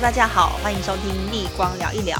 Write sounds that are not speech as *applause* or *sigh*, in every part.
大家好，歡迎收聽《逆光聊一聊》，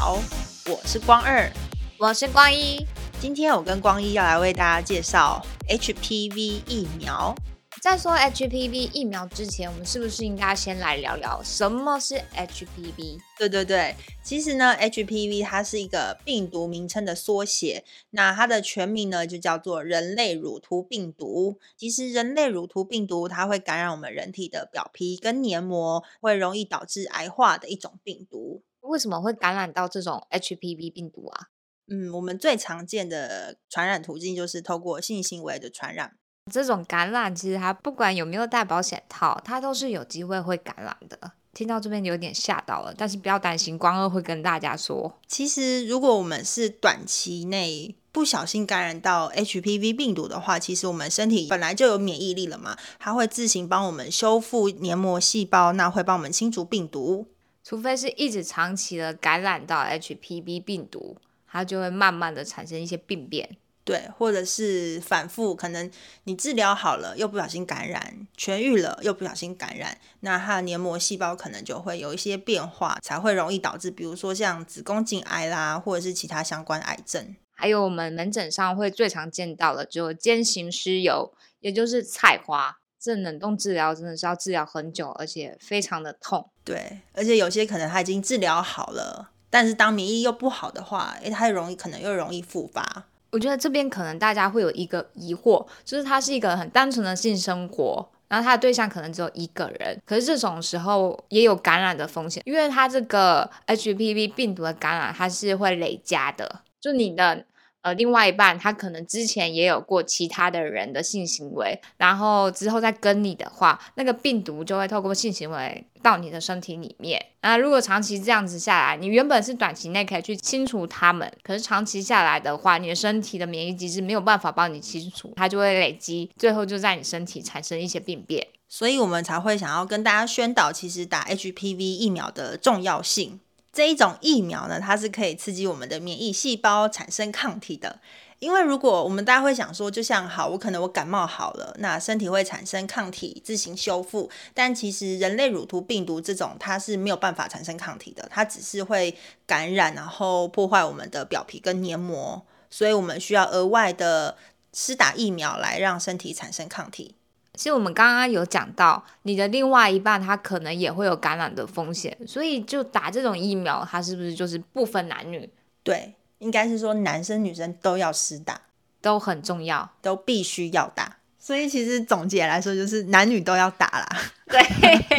我是光二，我是光一。今天我跟光一要來為大家介紹 HPV 疫苗。在說 HPV 疫苗之前，我們是不是應該先來聊聊什麼是 HPV？對對對，其實呢，HPV 它是一個病毒名稱的縮寫，那它的全名呢就叫做人類乳突病毒。其實人類乳突病毒它會感染我們人體的表皮跟黏膜，會容易導致癌化的一種病毒。為什麼會感染到這種 HPV 病毒啊？嗯，我們最常見的傳染途徑就是透過性行為的傳染。這種感染其實，它不管有沒有戴保險套，它都是有機會會感染的。聽到這邊有點嚇到了，但是不要擔心，光二會跟大家說，其實如果我們是短期內不小心感染到 HPV 病毒的話，其實我們身體本來就有免疫力了嘛，它會自行幫我們修復黏膜細胞，那會幫我們清除病毒。除非是一直長期的感染到 HPV 病毒，它就會慢慢的產生一些病變。對，或者是反覆，可能你治療好了又不小心感染，痊癒了又不小心感染，那它的黏膜細胞可能就會有一些變化，才會容易導致，比如說像子宮頸癌啦，或者是其他相關癌症。還有我們門診上會最常見到的，就尖形濕疣，也就是菜花。這冷凍治療真的是要治療很久，而且非常的痛。對，而且有些可能他已經治療好了，但是當免疫又不好的話，它又容易可能又容易復發。我覺得這邊可能大家會有一個疑惑，就是他是一個很單純的性生活，然後他的對象可能只有一個人，可是這種時候也有感染的風險，因為他這個 HPV 病毒的感染它是會累加的，就你的。呃，另外一半他可能之前也有過其他的人的性行為，然後之後再跟你的話，那個病毒就會透過性行為到你的身體裡面。那如果長期這樣子下來，你原本是短期內可以去清除它們，可是長期下來的話，你的身體的免疫機制沒有辦法幫你清除，它就會累積，最後就在你身體產生一些病變。所以我們才會想要跟大家宣導，其實打 HPV 疫苗的重要性。這一種疫苗呢，它是可以刺激我們的免疫細胞產生抗體的。因為如果我們大家會想說，就像好，我可能我感冒好了，那身體會產生抗體自行修復。但其實人類乳突病毒這種，它是沒有辦法產生抗體的，它只是會感染，然後破壞我們的表皮跟黏膜，所以我們需要額外的施打疫苗來讓身體產生抗體。其實我們剛剛有講到，你的另外一半他可能也會有感染的風險，所以就打這種疫苗，它是不是就是不分男女？對，應該是說男生女生都要施打，都很重要，都必須要打。所以其實總結來說，就是男女都要打啦，對，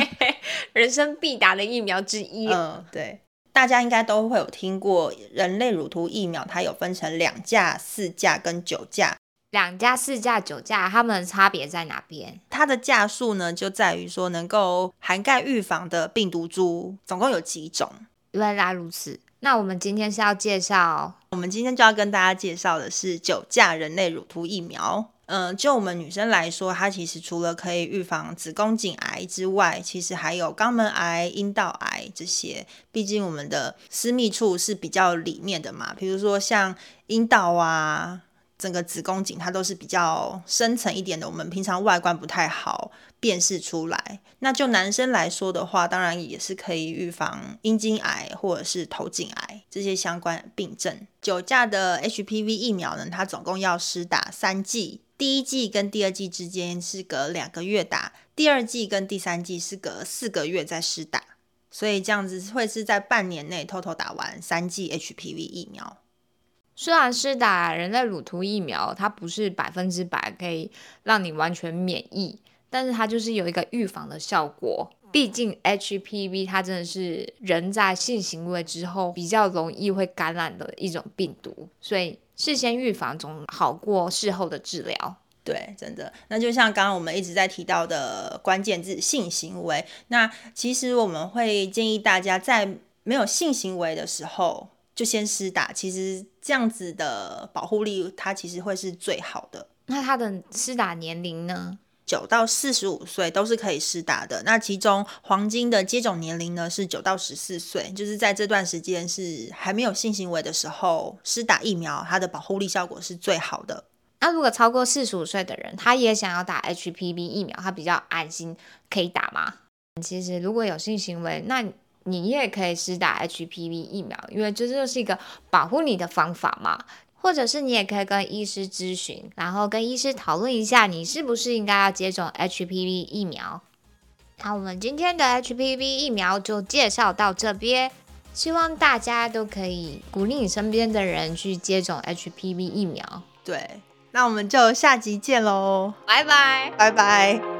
*laughs* 人生必打的疫苗之一啊。嗯，對，大家應該都會有聽過，人類乳突疫苗它有分成兩價、四價跟九價。兩價、四價、九價，它們的差別在哪邊？它的價數呢，就在於說能夠涵蓋預防的病毒株總共有幾種。原來如此。那我們今天是要介紹，我們今天就要跟大家介紹的是九價人類乳突疫苗。嗯，就我們女生來說，它其實除了可以預防子宮頸癌之外，其實還有肛門癌、陰道癌這些。畢竟我們的私密處是比較裡面的嘛，譬如說像陰道啊。整個子宮頸它都是比較深層一點的，我們平常外觀不太好辨識出來。那就男生來說的話，當然也是可以預防陰莖癌或者是頭頸癌這些相關病症。九價的 HPV 疫苗呢，它總共要施打三劑，第一劑跟第二劑之間是隔兩個月打，第二劑跟第三劑是隔四個月再施打，所以這樣子會是在半年內偷偷打完三劑 HPV 疫苗。雖然是打人類乳突疫苗，它不是百分之百可以讓你完全免疫，但是它就是有一個預防的效果。畢竟 HPV 它真的是人在性行為之後比較容易會感染的一種病毒，所以事先預防總好過事後的治療。對，真的。那就像剛剛我們一直在提到的關鍵字性行為，那其實我們會建議大家在沒有性行為的時候。就先施打，其實這樣子的保護力，它其實會是最好的。那它的施打年齡呢？九到四十五歲都是可以施打的。那其中黃金的接種年齡呢是九到十四歲，就是在這段時間是還沒有性行為的時候施打疫苗，它的保護力效果是最好的。那如果超過四十五歲的人，他也想要打 HPV 疫苗，他比較安心，可以打嗎？其實如果有性行為，那你也可以施打 HPV 疫苗，因為這就是一個保護你的方法嘛。或者是你也可以跟醫師諮詢，然後跟醫師討論一下，你是不是應該要接種 HPV 疫苗。那我們今天的 HPV 疫苗就介紹到這邊，希望大家都可以鼓勵你身邊的人去接種 HPV 疫苗。對，那我們就下集見嘍，拜拜，拜拜。